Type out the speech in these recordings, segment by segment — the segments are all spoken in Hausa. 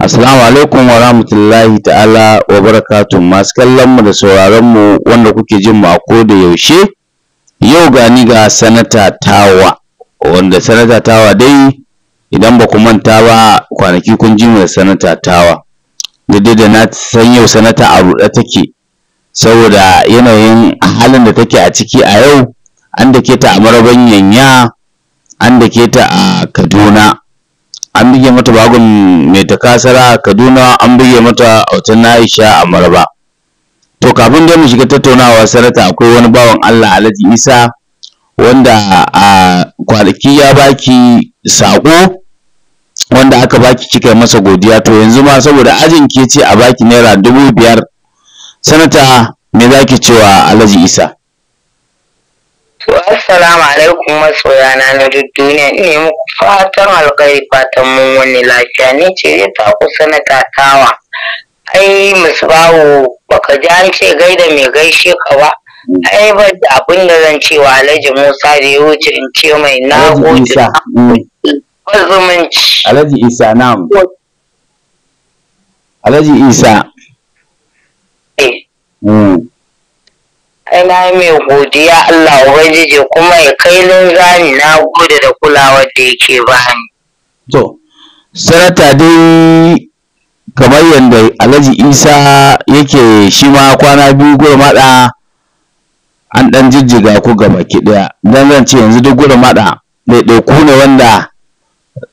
Assalamu alaikum wa rahmatullahi ta'ala wa barakatun masu kallon mu da sauraron mu wanda kuke jin mu a da yaushe yau gani ga sanata tawa wanda sanata tawa dai idan ba ku manta ba kwanaki kun ji mu da sanata tawa daidai da na san yau sanata a ruɗe take saboda yanayin halin da take a ciki a yau an da ke ta a Marabanyanya, an da ke ta a kaduna an bige mata bagon mai takasara kaduna an bige mata a aisha a maraba to kafin dai mu shiga tattaunawa sarata akwai wani bawan allah alhaji isa wanda a kwanaki ya baki sako wanda aka baki kika masa godiya to yanzu ma saboda ajin ke ce a baki naira dubu biyar sanata me zaki cewa alhaji isa To assalamu alaikum masoyana na duk duniya ne muku fatan alkhairi fatan mun wani lafiya ne ce ya ta ku sanata tawa. Ai musbahu baka ji an ce gaida mai gaishe ka ba. Ai ba abin da zan ce wa Alhaji Musa da ya wuce in ce mai na gode. Mm. Zumunci. Alhaji Isa na'am. Alhaji Isa. Eh. Mm. ina mai godiya Allah Ubangiji kuma ya kai linzani na gode da kulawa da yake bani. To, sanata dai kamar yadda Alhaji Isa yake shi ma kwana biyu maɗa an ɗan jijjiga ku gaba baki ɗaya don zan ce yanzu duk gurmaɗa ɗauku ne wanda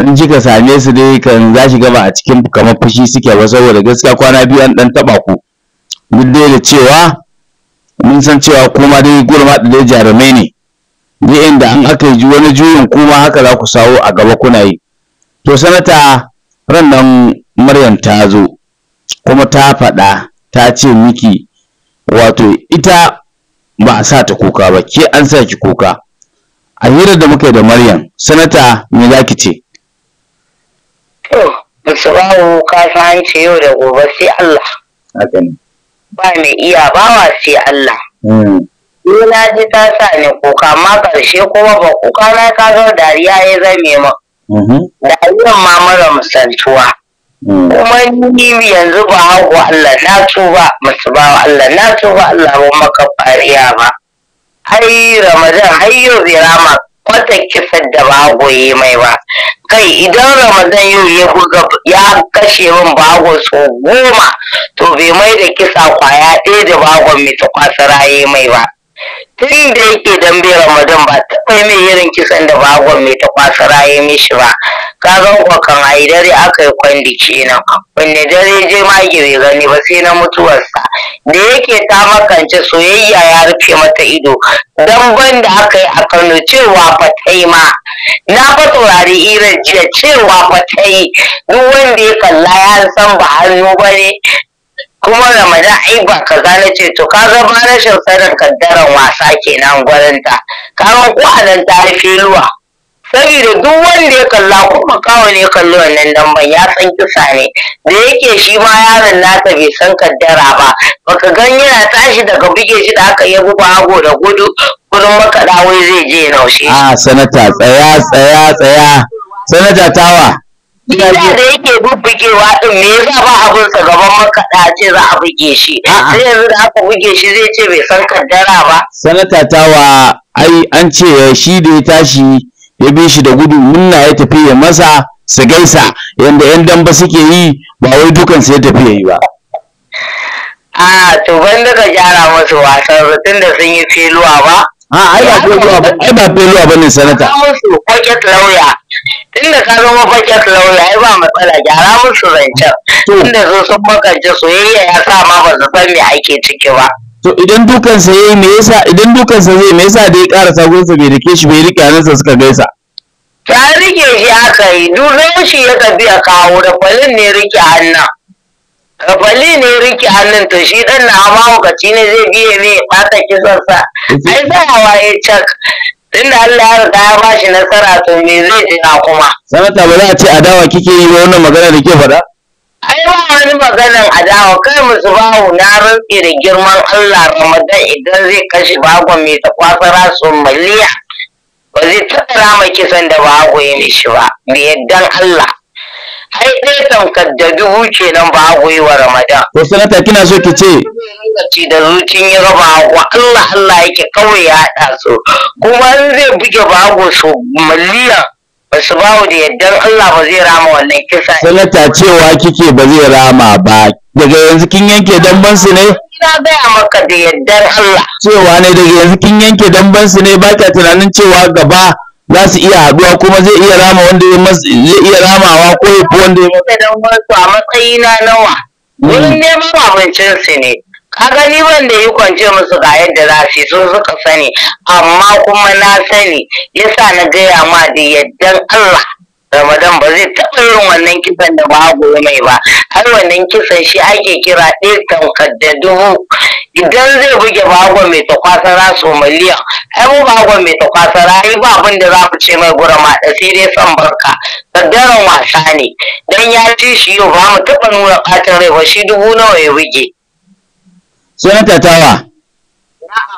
in kika same su dai kan za shi gaba a cikin kamar fushi suke ba saboda gaskiya kwana biyu an ɗan taɓa ku duk dai da cewa mun san cewa kuma dai gurma da dai jarumai ne ni inda an aka yi wani juyin kuma haka za ku sawo a gaba kuna yi to sanata ran nan maryam ta zo kuma ta faɗa ta ce miki wato ita ba a sa ta kuka ba ke an sa ki kuka a hirar da muka da maryam sanata me za ki ce to da su ka san yau da gobe sai allah ba mai iya bawa sai Allah. Hmm. Ni na ji ta sa ni kuka ma ƙarshe kuma ba kuka na zo dariya ya zame min. Mm-hmm. Dariyan ma mara musantuwa. Hmm. Kuma ni yanzu ba hagu Allah na tuba musu ba, Allah na tuba Allah ba maka fariya ba. Ai Ramadan har yau zai rama mata kisan da ba goye mai ba kai idan ramadan yau ya buga ya kashe min bago so goma to bai mai da kisa kwaya ɗaya da bagon mai ta kwasa raye mai ba tun da yake dambe ramadan ba taɓa mai irin kisan da bagon mai ta kwasa raye mishi ba Ka kagan kwakan a yi dare aka yi kwandi kenan wanne dare je mage bai gani ba sai na mutuwarsa da yake ta makance soyayya ya rufe mata ido dan ban da aka yi a kano cewa fa ta yi ma na ba taurari irin jiya cewa fa ta yi duk wanda ya kalla ya san ba hannu ba ne kuma ramadan ai ba kaza na ce to ka zama ba rashin sanin kaddaran wasa kenan gwanin ta ka ga ko anan ta ruwa. saboda duk wanda ya kalla kuma kawo ne kallo wannan damban ya san kisa ne da yake shi ma yaron nata bai san kaddara ba baka gan yana tashi daga buge shi da aka yi buga hago da gudu gurin makaɗa wai zai je naushe. a ah, sanata tsaya tsaya tsaya sanata tawa. ake bubbugewa din me yasa ba abin sa gaban makaɗa ce za a buge shi sai yanzu da aka buge shi zai ce bai san kaddara ba sanata tawa ai an ce shi da ya tashi ya bi shi da gudu munna ya tafi ya masa su gaisa yanda yan damba suke yi ba wai dukan su ya tafi ya yi ba a to ban daga gyara masu wasan rutun da sun yi filuwa ba ha ah, ai ba feluwa ba ai ba feluwa bane sanata pocket inda ka zama pocket lauya, ai ba matsala gyara musu zancen inda su sun makance soyayya ya sa ma ba su san me ake ciki ba to idan dukan sa yayi me yasa idan dukan sa zai me yasa da ya karasa gunsa bai rike shi bai rike hannunsa suka gaisa ta rike shi aka yi duk shi ya tafiya kawo da kwalin ne rike hannun Fali ne riki hannun to shi dan na amma lokaci ne zai biye ne ɓata kisan sa. Ai tsayawa ya cak. Tunda Allah ya riga ya bashi nasara to me zai na kuma. Sanata ba za a ce adawa kike yi ba wannan magana da ke faɗa? Ai ba wani maganan adawa kai musu bawu na rantsi da girman Allah Ramadan idan zai kashe bagon mai ta kwasara su Maliya. Ba zai tsara ma kisan da ba bago goyi mishi ba. Bi yaddan Allah. ai dai tamkar da dubu kenan ba a wa ramadan ko sanata kina so ki ce lokaci da zucin ya raba wa Allah Allah yake kawai ya haɗa su kuma in zai buge bago su miliyan ba su bawo da yaddan Allah ba zai rama wannan kisa sanata cewa kike ba zai rama ba daga yanzu kin yanke damban su ne na gaya maka da yardar Allah cewa ne daga yanzu kin yanke damban su ne ba ka tunanin cewa gaba za su iya haduwa kuma zai iya rama wanda ya zai iya ramawa ko ya fi wanda ya masa dan wasu a na nawa hmm. wurin neman abincinsu ne ka gani wanda yi kwance musu ga yadda za su yi su suka sani amma kuma na sani yasa na gaya ma da yaddan Allah Ramadan ba zai taɓa yin wannan kisan da ba goyi mai ba har wannan kisan shi ake kira ɗaya kaddadu idan zai buge bago mai takwasara so miliyan ai mu bago mai takwasara ai ba abin da za ku ce mai gura ma da sai dai san barka kaddaran wasa ne dan ya ci shi yau ba mu taɓa nuna katin rai ba shi dubu nawa ya buge. Sanata tawa.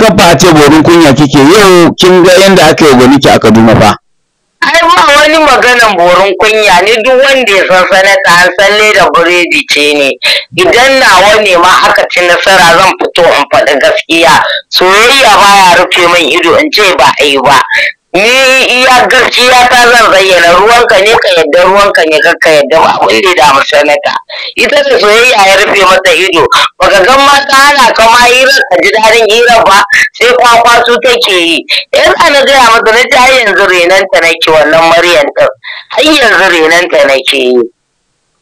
Kafa ce borin kunya kike yau kin ga yadda aka yi ki a Kaduna fa. Ai ba wani maganan borin kunya ne duk wanda ya san sanata an san leda biredi ce ne. Idan nawa ne ma haka ci nasara zan fito in faɗi gaskiya. Soyayya baya rufe min ido in ce ba a yi ba. ni iya ya ta zan zayyana ruwanka ne ka yadda ruwanka ne ka ka yadda ba abin da ya damu sanata ita ce soyayya ya rufe mata ido baka ga mata ana kama hirar ka ji daɗin hirar ba sai kwakwa su take yi yan ana gaya mata na ta yanzu renan ta nake wannan maryam ɗin har yanzu renan ta nake yi.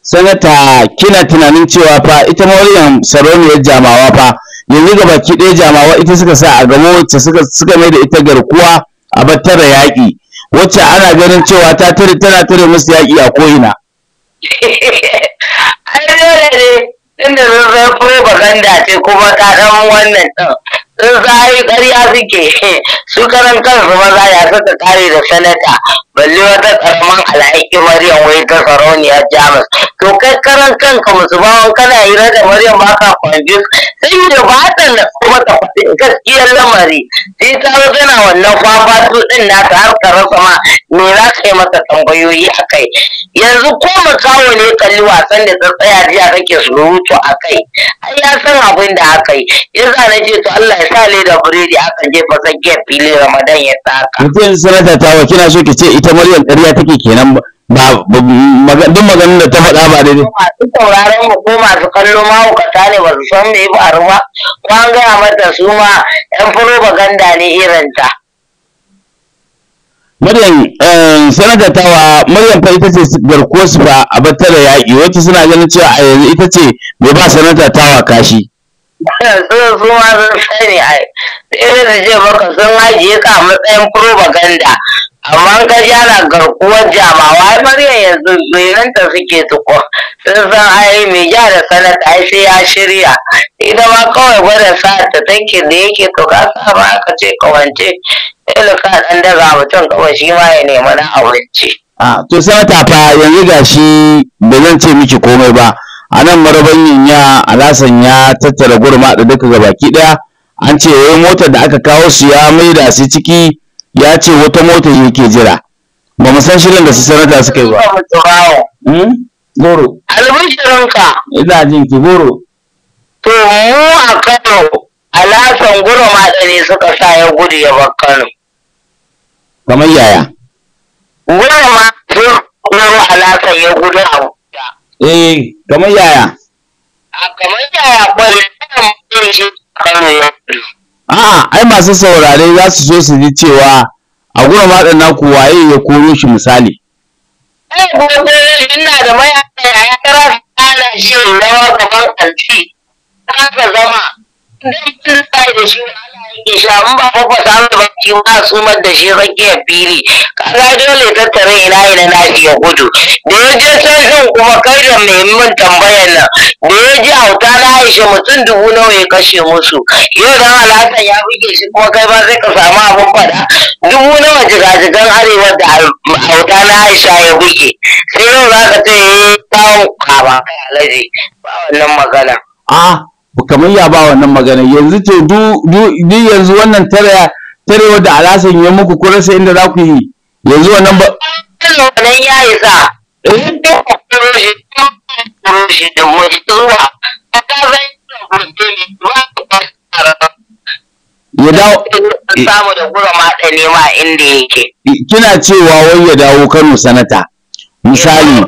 sanata kina tunanin cewa fa ita maryam sarauniyar jamawa fa yanzu ki ɗaya jamawa ita suka sa a gamo wacce suka mai da ita garkuwa a battara tare yaƙi wacce ana ganin cewa ta tare tana tare musu yaƙi a ko'ina. ai dole ne inda zai kuma kuma ta ɗan wannan ɗin sun sayi ƙarya suke su karantar su maza ya suka kare da sanata balle wata ƙarfaman alhaƙi maryam wai ta sarauniyar jamus to kai karan kanka musulman kana yi rada maryam ba ka kwanjus sai da ba ta na kuma ta gaskiyar lamari sai ta zo tana wannan su ɗin nata har ka rasa ma me za ka yi masa tambayoyi a kai yanzu ko samu ne kalli wasan da ta tsaya jiya kake surutu a kai ai ya san abin da aka yi yasa na ce to Allah ya sha leda biredi aka jefa zage fili ramadan ya taka mutum sanata ta wa kina so ki ce ita maryam ƙarya take kenan ba duk maganin da ta faɗa ba daidai. Masu sauraren hukuma su kallo mahaukata ne ba su san me faru ba, ko an gaya mata su ma ‘yan propaganda ne irinta. Maryam eh, sanata tawa Maryam fa ita ce garkuwa su ba a battara yaƙi wacce suna ganin cewa a yanzu ita ce mai ba sanata tawa kashi. sun su sun sani a irin da ce maka sun ajiye ka a matsayin propaganda amma ka ji ana garkuwar jamawa ai murya yanzu renanta suke tuko sun san ai mai ja da sanata ai sai ya shirya ita ma kawai gwada sa ta take da yake to ka sa ma aka ce kawance ilu ka dan daga mutum kawai shi ma ya nemi na abinci. to sanata fa yanzu gashi ba zan ce miki komai ba a nan marabanyin yinya alasan ya tattara gurma da duka ga baki ɗaya an ce wai motar da aka kawo su ya maida su ciki ya ce wata motar yake jira ba mu san shirin da su sanata suka yi ba hmm? goro albishirinka ina jin ki goro to mu a kano alasan gurma da ne suka sa ya gudu ya bar kano kamar yaya gurma sun koro alasan ya gudu a Eh, kamar yaya? Kamar yaya kwarai shi A'a, ai masu saurare za su so su ji cewa a gurin matsan naku waye ya koro shi misali. Ai, gobe ina da mayaka ya kara ana shi rawa gaban kanti. Haka zama. duk sai da shi ya sha in ba kwakwa samun baki ba sumar da shi tsakiyar fili kaga dole tattare ina ina na ya gudu da ya je sai din kuma kai da muhimmin tambayar nan da ya je auta na aisha mutum dubu nawa ya kashe musu yau dan alhassan ya buge shi kuma kai ba sai ka samu abin faɗa dubu nawa jigajigan arewa da auta na aisha ya buge sai yau za ka ce ya yi kawo kama kai alaji ba wannan magana. kamar ya ba wannan magana yanzu ce du duk yanzu wannan tare tarewa da alasan ya muku ko rasa inda za ku yi yanzu wannan ba wannan ya yi sa ya dawo samu da gura ma da nema inda yake kina cewa wai ya dawo Kano sanata misali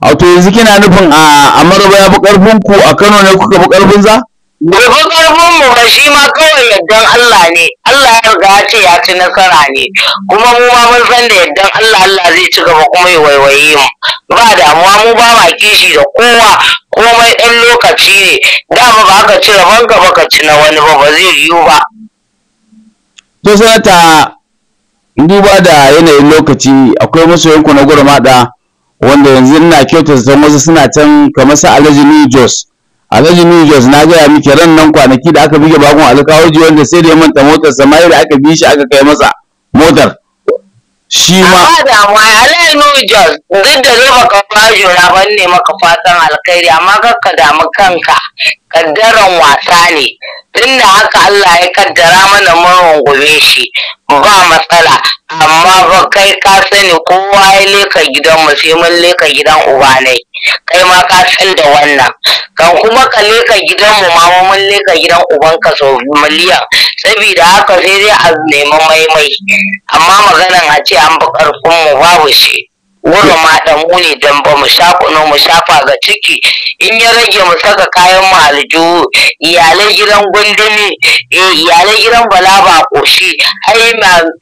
a to yanzu kina nufin a amarba ya fi karfin ku a kano ne kuka fi karfin za bai fi karfin mu ba shi ma kawai yaddan Allah ne Allah ya riga ya ce ya ci nasara ne kuma mu ma mun san da yaddan Allah Allah zai ci gaba kuma ya waiwaye mu ba damuwa mu ba ma kishi da kowa komai ɗan lokaci ne dama ba ka ci rabon ba ka ci na wani ba ba zai yiwu ba to sanata duba da yanayin lokaci akwai masoyanku na gurmaɗa wanda yanzu ina kyautar san wasu suna can kamar su alhaji new jos alhaji new jos na gaya miki ran nan kwanaki da aka buge bakon alkawaji wanda sai da ya manta motar sa da aka bi aka kai masa motar shi ma ba alhaji new jos duk da zai baka fajo na ban ne maka fatan alkhairi amma kakka damu kanka kaddaran wasa ne tunda haka Allah ya kaddara mana mun gobe shi ba matsala amma ba kai ka sani kowa ya leka gidanmu sai mun leka gidan uba ne kai ma ka san da wannan kan kuma ka leka gidanmu ma mun leka gidan ubanka sau miliyan saboda haka sai dai a nemi maimai amma maganan a ce an bi mu babu shi wurin maɗamu ne don ba mu shakuno mu shafa ga ciki in ya rage mu saka kayan mu aljihu iyalai gidan gundumi eh, iyalai gidan bala ba koshi ai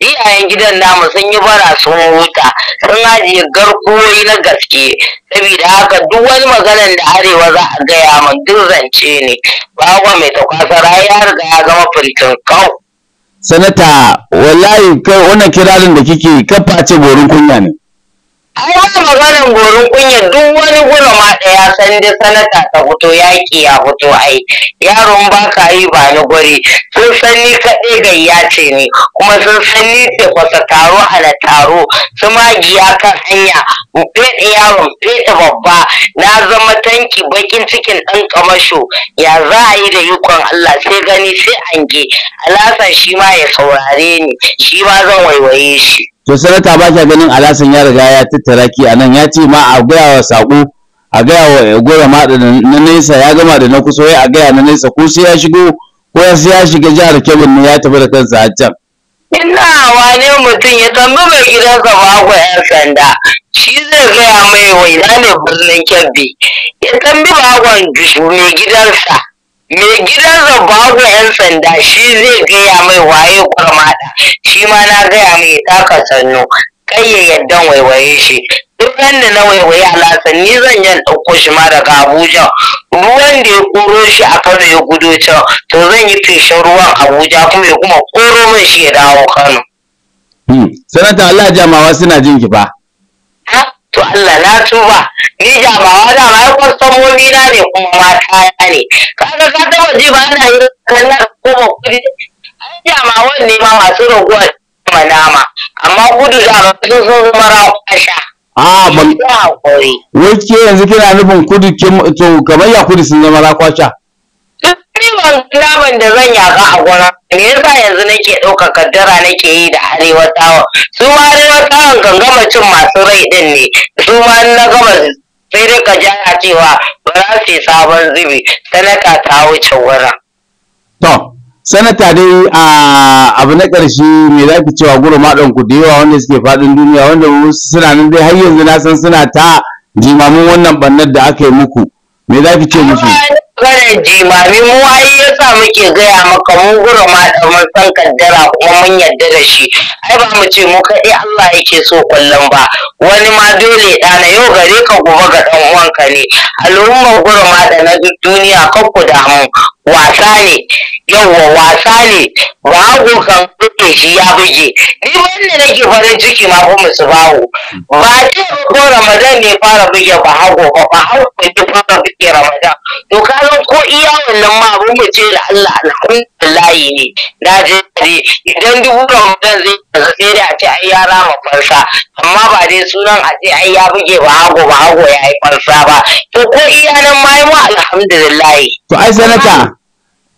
iyayen gidan namu sun yi bara sun huta sun ajiye garkuwoyi na gaske saboda haka duk wani maganan da arewa za a gaya mun duk zance ne bawa mai kwasa ya riga ya zama fintin kau sanata wallahi wannan kirarin da kike kafa ce borin kunya ne Ai wannan maganar gorin kunya duk wani gura da ya san dai sanata ta fito yaƙi ya fito ai. Yaron ba ka yi ba ni gwari. sun san ni kaɗai ya ce ni kuma sun san ni ce taro ala taro su magiya kan hanya feɗe yaron feɗe babba na zama tanki bakin cikin ɗan kamasho ya za a yi da yukon Allah sai gani sai ange alasan shi ma ya saurare ni shi ma zan waiwaye shi. to sanata ba ta ganin alasan ya riga ya tattara ki a nan ya ce ma a gaya wa saƙo a gaya wa gora ma da na nesa ya gama da na kusa wai a gaya na nesa ko sai ya shigo ko sai ya shiga jihar kebbi ne ya tafi da kansa a can. ina ne mutum ya tambi mai gidansa ba ku yan sanda shi zai gaya mai wai ne birnin kebbi ya tambi ku mai gidansa mai gidan babu ƴan sanda shi zai gaya mai waye kwarmada shi ma na gaya mai taka sannu kai ya yaddan waiwaye shi duk yadda na waiwaye alasan ni zan yan ɗauko shi ma daga abuja ruwan da ya koro shi a kano ya gudo can to zan yi feshin ruwan abuja kuma ya kuma koro mai shi ya dawo kano hmm. sanata allah jamawa suna jin ki fa to Allah na tuba ni jamawa da ma ya samoni na ne kuma ta ne kaga ka taba waje ba na yi kallar kuma kudi ai jamawan wanne ma masu raguwa ma nama amma gudu da ma sun zo mara kasha a ah, ban wai ke yanzu kina nufin to kamar ya kudu sun zama rakwasha direban direban da zan yaga a gurin me yasa yanzu nake ɗaukar kaddara nake yi da arewa tawon su ma arewa tawon cin masu rai ɗin ne su ma na gama sai dai ka jana cewa ba za su yi sabon zubi sanata ta wuce wurin. to sanata dai a abu na ƙarshe me za ki cewa gurin maɗan ku da yawa wanda suke faɗin duniya wanda suna nan dai har yanzu na san suna ta jimamin wannan ɓannar da aka yi muku me za ki ce musu. karin jimami mu ai yasa muke gaya maka mu gura ma da mun san kaddara kuma mun yarda da shi ai ba mu ce mu kaɗai Allah yake so kullum ba wani ma dole ɗana yau gare ka gobe ga ɗan uwanka ne al'ummar gura ma da na duniya kar ku damu wasa ne yawwa wasa ne ku kan buge shi ya buge ni wanne nake farin ciki ma ko musu bawo ba ce ko ramadan ne fara buge ba hago ba ba hago ne fara buge ramadan to ka san ko iya wannan ma ba mu ce da Allah alhamdulillah ne na je idan dubu ramadan zai zai sai da a ce ai ya rama farsa amma ba dai sunan a ce ai ya buge ba hago ba hago ya yi farsa ba to ko iya nan ma yi alhamdulillah to ai sanata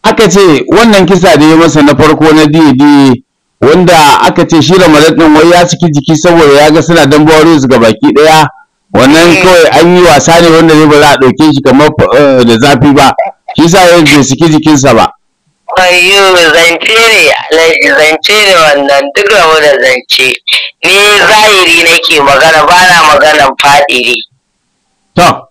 aka ce wannan kisa da ya masa na farko na didi wanda aka ce shi ramadan din wai ya ciki jiki saboda ya ga suna dan bawaro ga baki daya wannan eh. kawai an yi wasa ne wanda zai ba za a ɗauke shi kamar eh, da zafi ba shi sa ya bai ciki jikinsa ba ayyo zance ne wannan duk zance ni zahiri nake magana ba na fadiri to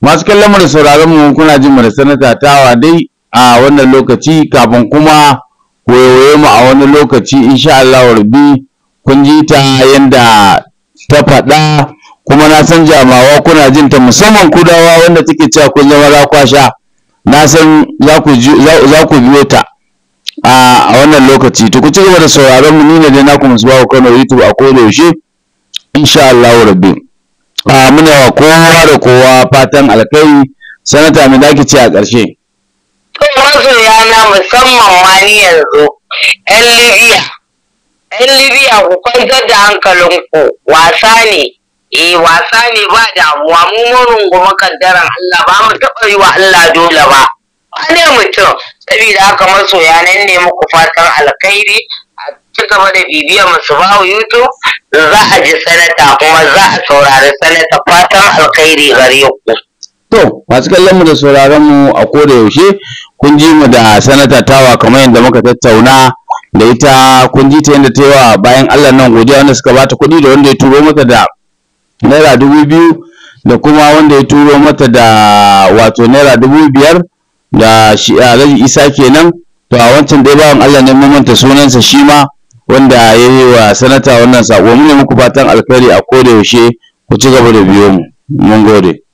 masu kallon mu da sauraron mu kuna jin mu da sanata tawa dai a wannan lokaci kafin kuma wayoye mu a wani lokaci insha Allah rabbi kun ji ta yanda ta faɗa kuma na san jamawa kuna jin ta musamman kudawa wanda take cewa kun zama za sha, na san za ku za ku biyo ta a wannan lokaci to ku ci gaba da sauraron mu ni ne dai naku musbahu Kano YouTube a koda yaushe insha Allah rabbi a muna wa kowa da kowa fatan alkai sanata mai dake ce a ƙarshe musamman ma ni yanzu yan libya ƴan libya ku kwantar da hankalinku wasa ne eh wasa ne ba damuwa mu goma kaddaran Allah ba mu taɓa yi wa Allah dole ba ba mutum saboda haka masoya nan ne muku fatan alkhairi a ci gaba da mu masu bawa YouTube za a ji sanata kuma za a saurari sanata fatan alkhairi gare ku. To, masu kallon mu da sauraron mu a koda yaushe kun ji mu da sanata tawa kamar yadda muka tattauna da ita kun ji ta yadda ta yi wa bayan Allah nan godiya wanda suka bata kuɗi da wanda ya turo mata da naira dubu biyu da kuma wanda ya turo mata da wato naira dubu biyar da shi alhaji isa kenan to a wancan dai bawan Allah ne mun manta sunansa shi ma wanda ya yi wa sanata wannan sako mu ne muku fatan alkhairi a koda yaushe ku ci gaba da biyo mu mun gode